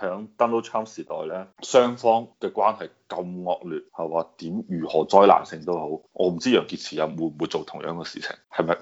喺 Donald Trump 時代咧，雙方嘅關係咁惡劣，係話點如何災難性都好，我唔知楊潔篪又會唔會做同樣嘅事情，係咪？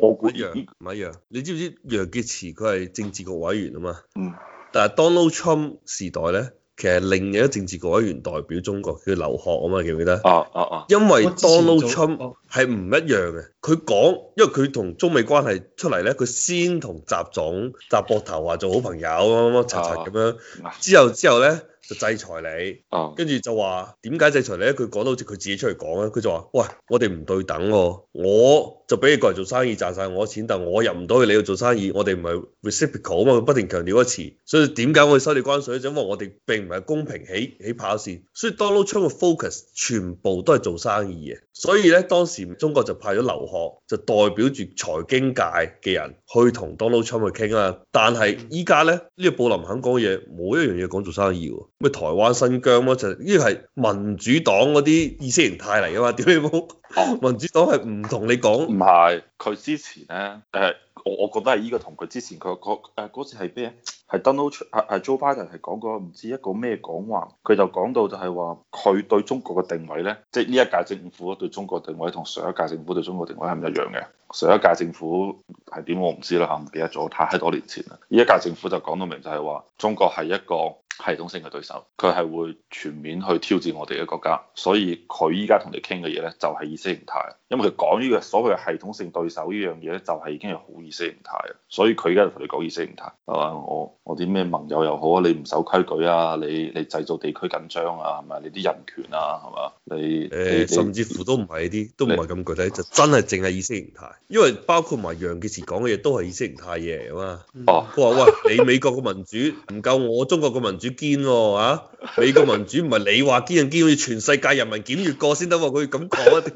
我一樣唔一樣？你知唔知楊潔篪佢係政治局委員啊嘛？嗯，但係 Donald Trump 時代咧？其實另一政治局委員代表中國，佢叫劉鶴啊嘛，記唔記得？哦哦哦，啊啊、因為 Donald Trump 係唔、啊、一樣嘅，佢講，因為佢同中美關係出嚟咧，佢先同習總、習博頭話做好朋友，乜乜乜柒柒咁樣、啊之，之後之後咧就制裁你，跟住、啊、就話點解制裁你咧？佢講到好似佢自己出嚟講啊，佢就話：喂，我哋唔對等喎、啊，我。就俾你個人做生意賺晒我錢，但我入唔到去你要做生意，我哋唔係 reciprocal 啊嘛，不停強調一次。所以點解我收你關稅就因為我哋並唔係公平起起跑線。所以 Donald Trump 嘅 focus 全部都係做生意嘅。所以咧當時中國就派咗留學，就代表住財經界嘅人去同 Donald Trump 去傾啦。但係依家咧呢、呢個布林肯講嘅嘢，冇一樣嘢講做生意喎。咩台灣新疆囉就呢個係民主黨嗰啲意識形態嚟嘅嘛？點解冇？民主黨係唔同你講。唔係，佢之前咧，誒，我我覺得係呢、這個同佢之前佢嗰次係咩？係、啊、Donald，係係 Joe Biden 係講過唔知一個咩講話，佢就講到就係話，佢對中國嘅定位咧，即係呢一屆政府嗰對中國定位同上一屆政府對中國定位係唔一樣嘅。上一屆政府係點我唔知啦嚇，唔記得咗，太喺多年前啦。呢一屆政府就講到明就係話，中國係一個系統性嘅對手，佢係會全面去挑戰我哋嘅國家，所以佢依家同你傾嘅嘢咧就係意識形態，因為佢講呢個所謂嘅系統性對手呢樣嘢咧就係已經係好意識形態，所以佢依家就同你講意識形態，係嘛？我我啲咩盟友又好啊，你你啊是是，你唔守規矩啊是是，你你製造地區緊張啊，係咪？你啲人權啊，係嘛？你誒，甚至乎都唔係呢啲，都唔係咁具體，就真係淨係意識形態，因為包括埋楊潔篪講嘅嘢都係意識形態嘢，係嘛？哦，佢話喂，你美國嘅民主唔夠我中國嘅民主。要堅喎嚇，美國 民主唔係你話堅就堅，要全世界人民檢閲過先得喎，佢咁講啲，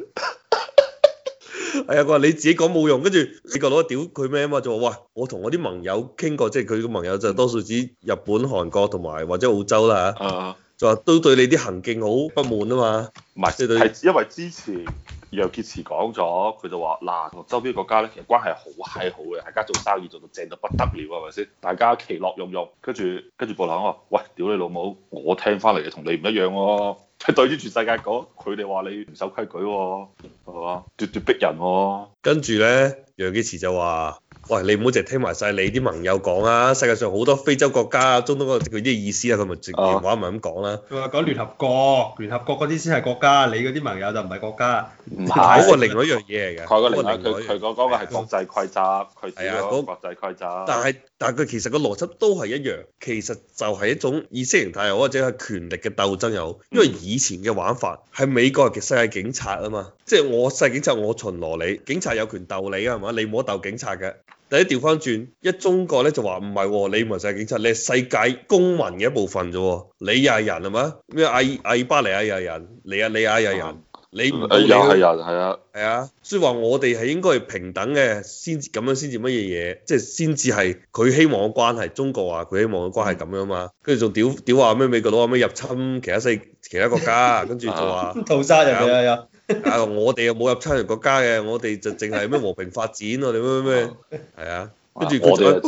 係啊，佢話你自己講冇用，跟住美國佬屌佢咩啊嘛，就話哇，我同我啲盟友傾過，即係佢個盟友就多數指日本、韓國同埋或者澳洲啦嚇，就話、嗯啊、都對你啲行徑好不滿啊嘛，唔係、啊，係因為之前。楊潔篪講咗，佢就話：嗱、啊，同周邊國家咧，其實關係好係好嘅，大家做生意做到正到不得了，係咪先？大家其樂融融，跟住跟住布林話：喂，屌你老母！我聽翻嚟嘅同你唔一樣喎、啊，對於全世界講，佢哋話你唔守規矩喎、啊，係嘛？咄咄逼人喎、啊。跟住咧，楊潔篪就話。喂，你唔好淨係聽埋晒你啲盟友講啊！世界上好多非洲國家、中東嗰個佢啲意思啊，佢咪直電話咪咁講啦。佢話講聯合國，聯合國嗰啲先係國家，你嗰啲盟友就唔係國家。唔係是，佢 另外一樣嘢嚟嘅。佢個另外佢佢講講嘅係國際規則，佢係啊，個國際規則。但係但係佢其實個邏輯都係一樣，其實就係一種意識形態又好，或者係權力嘅鬥爭又好。嗯、因為以前嘅玩法係美國係世界警察啊嘛，即係我世界警察，我巡邏你，警察有權鬥你啊，係嘛？你冇得鬥警察嘅。第一調返轉，一中國咧就話唔係喎，你唔係世界警察，你係世界公民嘅一部分啫喎，你又係人係嘛？咩阿爾阿爾巴尼亞又係人，你啊利啊又係人，嗯、你唔？又係人係啊係啊，所以話我哋係應該係平等嘅先，咁樣先至乜嘢嘢，即係先至係佢希望嘅關係。中國話佢希望嘅關係咁樣嘛，跟住仲屌屌話咩美國佬話咩入侵其他世其他國家，跟住就話 屠殺呀呀呀！啊！ 我哋又冇入侵人國家嘅，我哋就淨係咩和平發展啊！你咩咩咩，係啊，跟住佢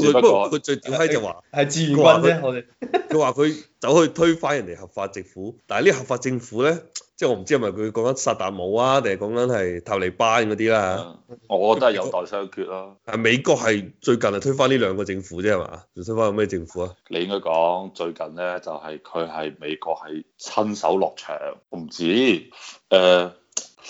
最屌閪就話係志願軍啫，佢話佢走去推翻人哋合法政府，但係呢合法政府咧，即係我唔知係咪佢講緊薩達姆啊，定係講緊係塔利班嗰啲啦。 我覺得係有待商榷咯。啊！美國係最近係推翻呢兩個政府啫，係嘛？仲推翻有咩政府啊？你應該講最近咧，就係佢係美國係親手落場，我唔知。誒、呃。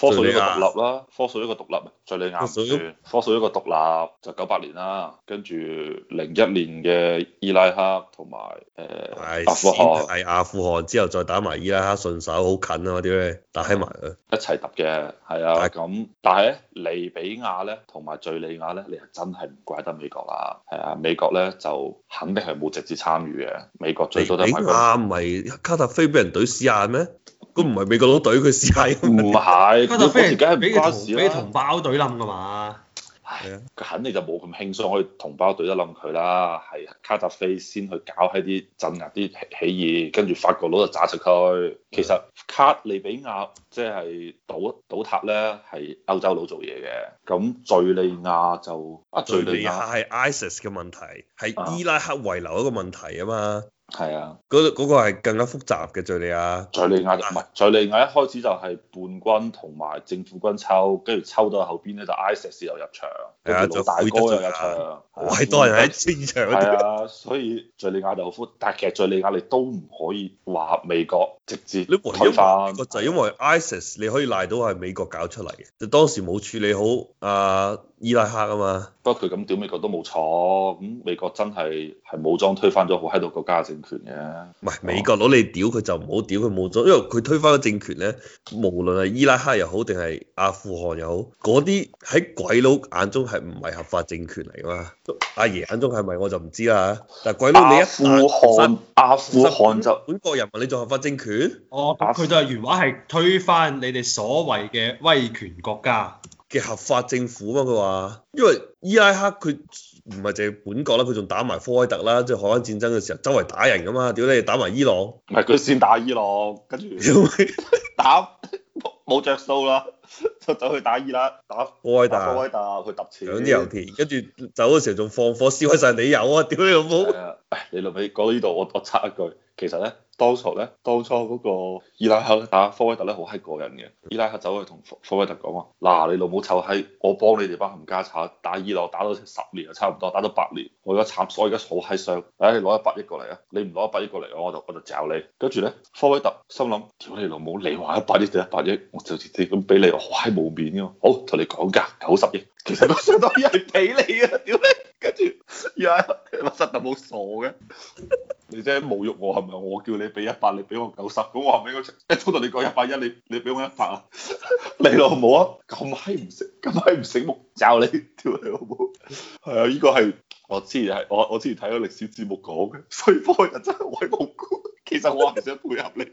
科索一個獨立啦，科索一個獨立，敍利亞，科索一個獨立，個個獨立就九八年啦，跟住零一年嘅伊拉克同埋誒，係、呃哎、阿富汗，係阿富汗之後再打埋伊拉克順手，好近啊嘛，點咧打喺埋一齊揼嘅，係啊，咁打但係咧利比亞咧同埋敍利亞咧，你係真係唔怪得美國啦，係啊，美國咧就肯定係冇直接參與嘅，美國最多都係利比亞唔係卡達菲俾人隊撕爛咩？佢唔係美國佬懟佢死啊！唔係，卡扎菲係梗係唔關事啦，俾同胞懟冧噶嘛。係啊，佢肯定就冇咁輕鬆可以同胞懟得冧佢啦。係卡扎菲先去搞起啲鎮壓啲起義，跟住法國佬就炸出佢。其實卡利比亞即係倒倒塌咧，係、就是、歐洲佬做嘢嘅。咁敍利亞就啊，敍利、啊、亞係 ISIS 嘅問題，係伊拉克遺留一個問題啊嘛。係啊，嗰嗰個係更加複雜嘅敘利亞，敘利亞就唔係敘利亞，一開始就係叛軍同埋政府軍抽，跟住抽到後邊咧就 ISIS 又入場。係啊，老大哥又唱，好、啊、多人喺現場、啊。係啊，所以敘利亞豆腐，但係其實敘利亞你都唔可以話美國直接推翻，就係因為 ISIS IS 你可以賴到係美國搞出嚟嘅。是啊、就當時冇處理好啊伊拉克啊嘛，不過佢咁屌美國都冇錯，咁、嗯、美國真係係武裝推翻咗好閪多國家嘅政權嘅。唔係、啊、美國攞你屌佢就唔好屌佢冇錯，因為佢推翻個政權咧，無論係伊拉克又好定係阿富汗又好，嗰啲喺鬼佬眼中係唔係合法政權嚟噶嘛？阿爺眼中係咪我就唔知啦、啊。但鬼佬你一阿富汗、阿富汗就本，本國人民，你做合法政權？哦，佢就係原話係推翻你哋所謂嘅威權國家嘅合法政府嘛。佢話，因為伊拉克佢唔係淨係本國啦，佢仲打埋科威特啦，即係海灣戰爭嘅時候，周圍打人噶嘛。屌你，打埋伊朗，唔係佢先打伊朗，跟住打冇着 數啦。出走去打二，e，啦，at, 打高威達，高威達去揼錢，兩啲油田，跟住走嘅時候仲放火燒一曬你油啊！屌你老母！係你老味講到呢度，我我插一句。其實咧，當初咧，當初嗰個伊拉克咧打科威特咧好閪過癮嘅，伊拉克走去同科威特講話，嗱你老母臭閪，我幫你哋班冚家產打伊朗打到十年啊，差唔多打到八年，我而家插鎖，而家好閪傷，唉，你攞一百億過嚟啊，你唔攞一百億過嚟，我就我就我就找你。跟住咧，科威特心諗，屌你老母，你話一百億定一百億，我就直接咁俾你，好閪冇面噶，好，同你講價，九十億，其實都相當係俾你啊，屌你，跟住伊拉克實實冇傻嘅。 你啫侮辱我係咪？係咪我叫你俾一百，你俾我九十，咁我後屘嗰一，一同你講一百一，你你俾我一百啊？你老母啊！咁閪唔識，咁閪唔醒目，教你屌你老母！係啊，呢個係我之前係我我之前睇個歷史節目講嘅，隋朝人真係偉無辜。其實我唔想配合你，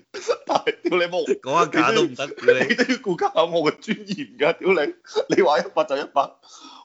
但係屌你冇講下假都唔得，你都要顧及下我嘅尊嚴㗎，屌你！你話一百就一百，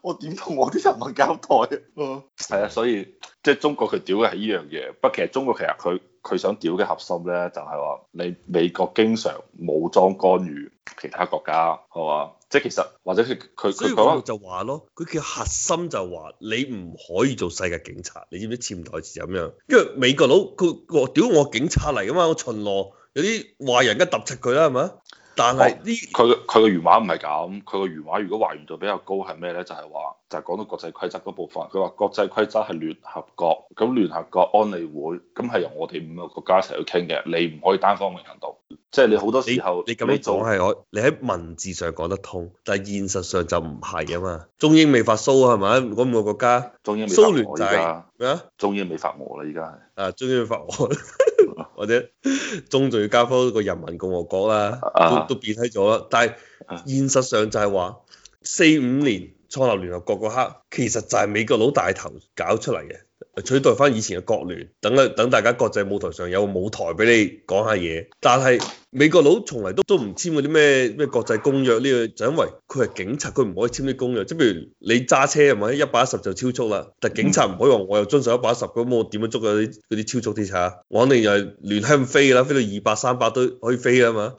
我點同我啲人民交代啊？係啊，所以。即係中國佢屌嘅係呢樣嘢，不過其實中國其實佢佢想屌嘅核心咧，就係話你美國經常武裝干預其他國家，係嘛？即係其實或者佢佢佢就話咯，佢嘅核心就話你唔可以做世界警察，你知唔知潛台詞咁樣？因為美國佬佢我屌我警察嚟㗎嘛，我巡邏有啲壞人家突出佢啦，係咪？但係呢佢佢個原話唔係咁，佢個原話如果還原度比較高係咩咧？就係、是、話就係、是、講到國際規則嗰部分，佢話國際規則係聯合國，咁聯合國安理會咁係由我哋五個國家一齊去傾嘅，你唔可以單方面行動。即、就、係、是、你好多時候你咁樣做係我，你喺文字上講得通，但係現實上就唔係㗎嘛。中英美法蘇係咪？嗰五、那個國家，中英美法俄依家咩啊？中英美法俄啦，而家係啊，中英美法俄。或者 中仲要加翻個人民共和國啦，啊、都都變係咗。但係、啊、現實上就係話，四五年創立聯合國嗰刻，其實就係美國佬大頭搞出嚟嘅。取代翻以前嘅國聯，等啊等大家國際舞台上有舞台俾你講下嘢。但係美國佬從嚟都都唔簽嗰啲咩咩國際公約呢個，就因為佢係警察，佢唔可以簽啲公約。即譬如你揸車，係咪一百一十就超速啦，但係警察唔可以話我又遵守一百一十，咁我點樣捉啊啲嗰啲超速啲車？我肯定又係亂香飛啦，飛到二百三百都可以飛啊嘛。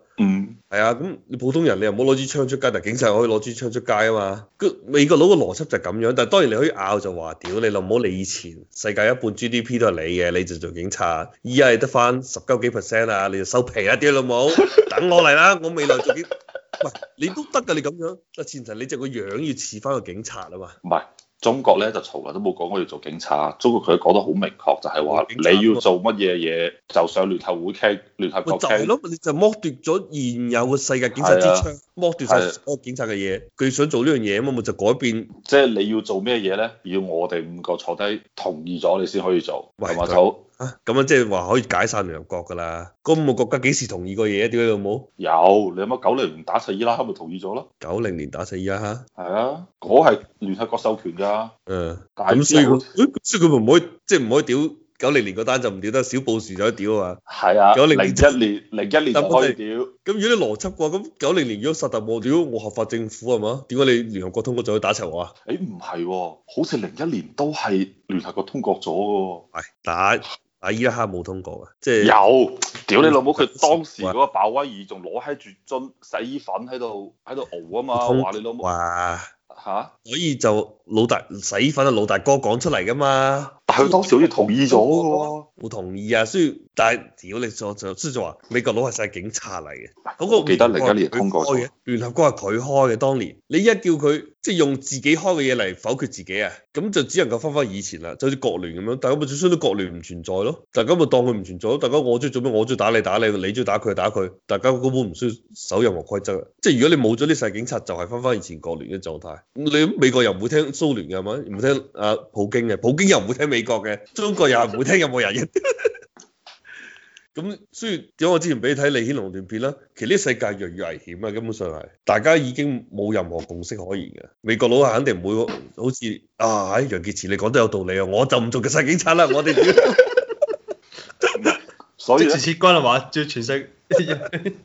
係啊，咁你普通人你又唔好攞支槍出街，但係警察可以攞支槍出街啊嘛。個美國佬個邏輯就咁樣，但係當然你可以拗就話，屌你老母，你唔好理以前世界一半 GDP 都係你嘅，你就做警察，依家係得翻十九幾 percent 啊，你就收皮一啲老母，等我嚟啦，我未來做警， 喂，你都得噶，你咁樣，但前提你就個樣要似翻個警察啊嘛。唔中國咧就從來都冇講我要做警察，中國佢講得好明確就係、是、話察你要做乜嘢嘢就上聯合會傾，聯合國傾，就剝奪咗現有嘅世界警察之窗，剝奪晒所有警察嘅嘢，佢、啊、想做呢樣嘢啊嘛，咪就改變，即係你要做咩嘢咧？要我哋五個坐低同意咗你先可以做，同埋就。吧啊，咁樣即係話可以解散聯合國噶啦，嗰五個國家幾時同意過嘢啊？點解又冇？有，你諗下九零年打塞伊拉克咪同意咗咯？九零年打塞伊拉克，係啊，嗰係聯合國授權噶。嗯，咁所以，所以佢唔可以，即係唔可以屌九零年嗰單就唔屌得，小布什就可以屌啊嘛。係啊，九零年零一年就可以屌。咁如果你邏輯嘅話，咁九零年如果實達，屌我合法政府係嘛？點解你聯合國通過就要打柒我啊？誒，唔係，好似零一年都係聯合國通過咗噶。係打。喺呢一刻冇通過啊，即係有。屌你老母，佢當時嗰個鮑威爾仲攞喺住樽洗衣粉喺度喺度熬啊嘛，話通你老母啊嚇，哇哈所以就老大洗衣粉啊老大哥講出嚟嘅嘛。但佢當時好似同意咗嘅唔同意啊，所以但係屌你所所，所以就話美國佬係晒警察嚟嘅，嗰個聯合國開嘅，聯合國係佢開嘅當年，你一叫佢即係用自己開嘅嘢嚟否決自己啊，咁就只能夠翻翻以前啦，就好似國聯咁樣，大家咪就當到國聯唔存在咯，大家咪當佢唔存在咯，大家我中意做咩，我中意打你打你，你中意打佢打佢，大家根本唔需要守任何規則嘅，即係如果你冇咗啲世警察，就係翻翻以前國聯嘅狀態，你美國又唔會聽蘇聯嘅係咪？唔聽阿普京嘅，普京又唔會聽美國嘅，中國又係唔會聽任何人咁 雖然點解我之前俾你睇李顯龍段片啦，其實呢世界越嚟越危險啊，根本上係大家已經冇任何共識可言嘅。美國佬啊，肯定唔會好似啊，楊潔篪你講得有道理啊，我就唔做個世警察啦，我哋所以要撤軍係嘛，要全勝。